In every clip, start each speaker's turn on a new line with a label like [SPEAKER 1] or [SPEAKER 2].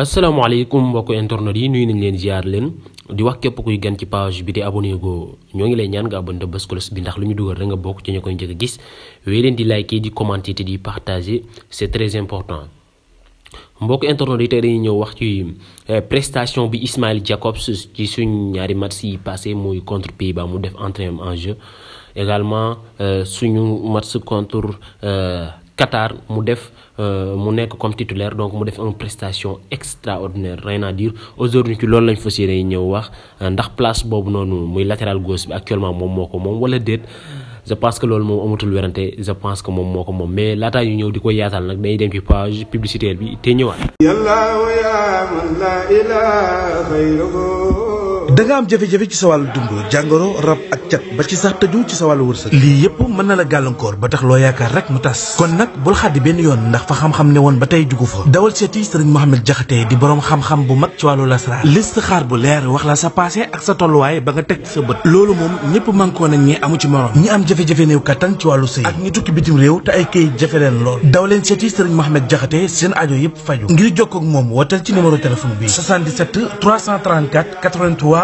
[SPEAKER 1] asalaamaaleykum mbokk internet yi nuyu nañ leen ziar leen di wax képp kuy gan ci page bi di abonné go ñoo ngi lay ñaan nga abonné te bës bi ndax lu ñu dugal rek nga bokk ci ñu koy gis wé leen di liker di commenter di partager c'est très important. mbokk internet yi tay dañuy ñëw wax ci eh, prestation bi Ismail Jacobs ci suñ ñaari match yi passé muy contre pays ba mu def entrée en jeu également eh, suñu match contre. Eh, Qatar mu def euh, mu comme titulaire donc mu def une prestation extraordinaire rien à dire aujourd'hui ci loolu lañ fas ñëw wax euh, ndax place boobu noonu muy latéral gauche bi actuellement moom moo ko moom wala déet je pense que loolu moom amatul je pense que moom moo mais laata ñëw di ko yaatal day dem ci page publicitaire bi
[SPEAKER 2] da nga am jafe-jafe ci sa wàllu dund jàngoro rab ak cat ba ci sax tëju ci sa wàllu wërsëg lii yëpp mën na la gàllankoor ba tax loo yaakaar rek mu tas kon nag bul xaddi benn yoon ndax fa xam-xam ne woon ba tey jugu fa dawal seeti sëriñ Mohamed Jaxate di boroom xam-xam bu mag ci wàllu lasraar liste xaar bu leer wax la sa passé ak sa tolluwaay ba nga teg sa bët loolu moom ñëpp mànkoo nañ ñi amu ci morom ñi am jafe-jafe néew kattan ci wàllu sëy ak ñi tukki bitim réew te ay këyit jafe leen lool daw leen seeti sëriñ Mohamed Jaxate seen aajo yëpp faju ngir jokkoo ak moom wootal ci numéro téléphone bi 77 334 83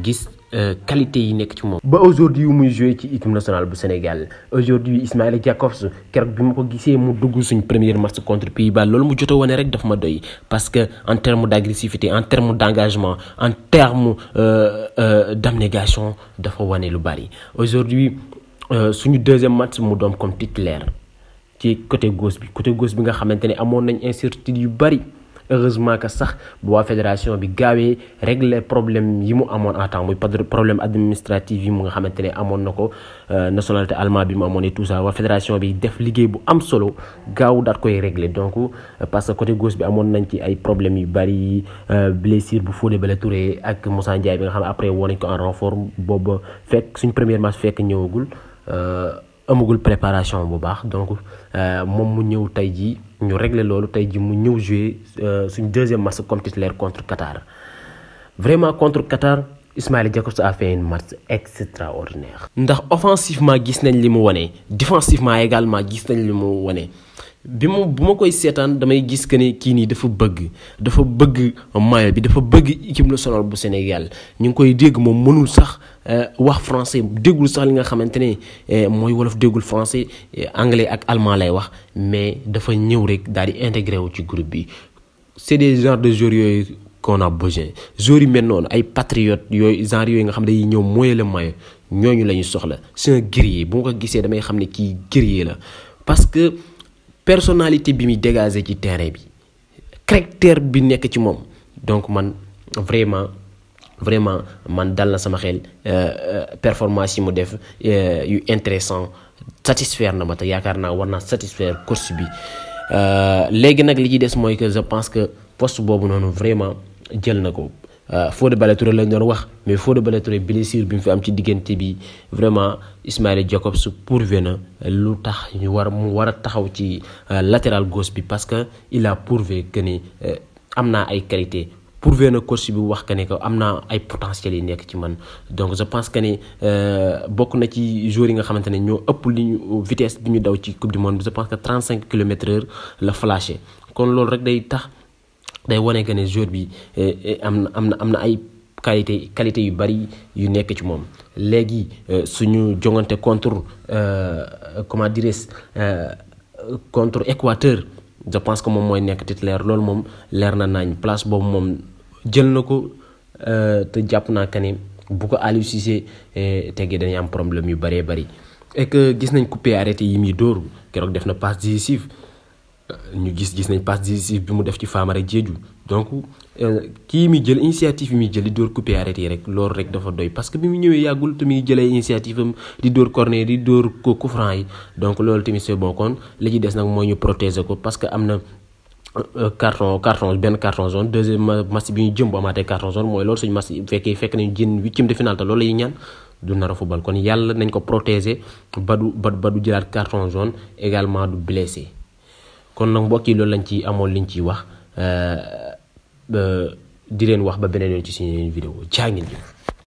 [SPEAKER 1] gis euh, qualité yi nekk ci moom. ba aujourd'hui muy jouer ci équipe nationale bu Sénégal aujourd'hui Ismaël Jakobs keroog bi ma ko gisee mu dugg suñ premier match contre Pays-Bas loolu mu jot a wane rek daf ma doy parce que en terme d'agressivité, en terme d'engagement en terme euh, euh, d' abnégation dafa wane lu bari aujourd'hui suñu deuxième match mu doon comme titulaire ci côté gauche bi côté gauche bi nga xamante ne amoon nañ incertitude yu bari heureusement que sax bo fédération bi gawé régler problème yi mu amoon à temps muy problème administratif yi mu nga xamante amone nako euh, nationalité allemande bi mu amone et tout ça wa fédération bi def liggéey bu am solo gaw daat koy régler donc euh, parce que côté gauche bi amone nañ ci ay problème yu bari euh, blessure bu Fodé Ballo-Touré ak Moussa Ndiaye bi nga xam après woo ko en renfort boobu fek suñ première match fekk ñëwagul amugul préparation bu baax donc mom mu ñew tay ji ñu régler loolu tey ji mu ñëw jouer euh, suñ deuxième match comme titulaire contre Qatar vraiment contre Qatar Ismaël Diakos a fait une match extraordinaire. ndax offensivement gis nañ li défensivement également gis nañ bi moom bu ma koy seetaan damay gis que ni kii nii dafa bëgg dafa bëgg maillot bi dafa bëgg équipe nationale bu Sénégal ñu ngi koy dégg moom mënul sax euh, wax français déggul sax li nga xamante ne euh, mooy wolof déggul français euh, anglais ak allemand lay wax mais dafa ñëw rek daal di intégré wu ci groupe bi c'est des genres de joueurs yooyu qu'on a besoin joueurs yi mel noonu ay patriotes yooyu genre yooyu nga xam ne dañuy ñëw mooy le maillot ñooñu la ñu soxla c'est un guerrier bu ma ko gisee damay xam ne kii guerrier la personnalité bi mi dégager ci terrain bi caractère bi nekk ci moom donc man vraiment vraiment man dal na sama xel euh, euh, performance yi mu def euh, yu intéressant satisfaire na ma te yaakaar naa war naa satisfaire course bi léegi nag li ci des mooy que je pense que poste boobu noonu vraiment jël na ko euh, Fodé de Touré lañ doon wax mais Fodé de Touré blessure bi mu fi am ci diggante bi vraiment Ismaël Jacobs pourvu na lu tax ñu war mu war a taxaw ci euh, latéral gauche bi parce que il a prouvé que ni euh, am naa ay qualité prouvé na coach bi wax que ne que am naa ay potentiel yi nekk ci man donc je pense que ni bokk na ci joueurs yi nga xamante ne ñoo ëpp li ñu vitesse bi ñu daw ci coupe du monde je pense que 35 km heure la flashé kon loolu rek day tax. day wane que ne joueur bi eh, eh, am na am na am na ay qualité qualité yu bari yu nekk ci moom léegi eh, suñu jongante contre comment dirais contre Équateur je pense que moom mooy nekk ti titulaire loolu moom leer na naañ place boobu moom jël na ko te jàpp naa que ne bu ko Aliou Cissé tegee dañuy am problème yu baree bëri et gis nañ coupé arrêté yi muy dóor keroog def na passe décisive ñu gis gis nañ passe décisive bi mu def ci Famara Diédhiou donc euh, kii mi jël initiative bi muy jël di dóor coupé arrêté rek loolu rek dafa doy parce que bi mu ñëwee yàggul te jëlee initiative am di dóor corner di dóor ko yi donc loolu tamit c'est bon kon li ci des nag mooy ñu protéger ko parce que am na euh, carton carton benn carton zone deuxième match bi ñu jëm bu amaatee carton zone mooy loolu suñu match bu fekkee fekk nañu jën huitième de finale te loolu la ñaan. du nar a football kon yàlla nañ ko protéger ba du ba du jëlaat carton zone également du blessé. kon nag mbokk yi loolu lañ ci amoon liñ ciy wax euh, di leen wax ba beneen yoon ci suñu yeneen vidéo jaa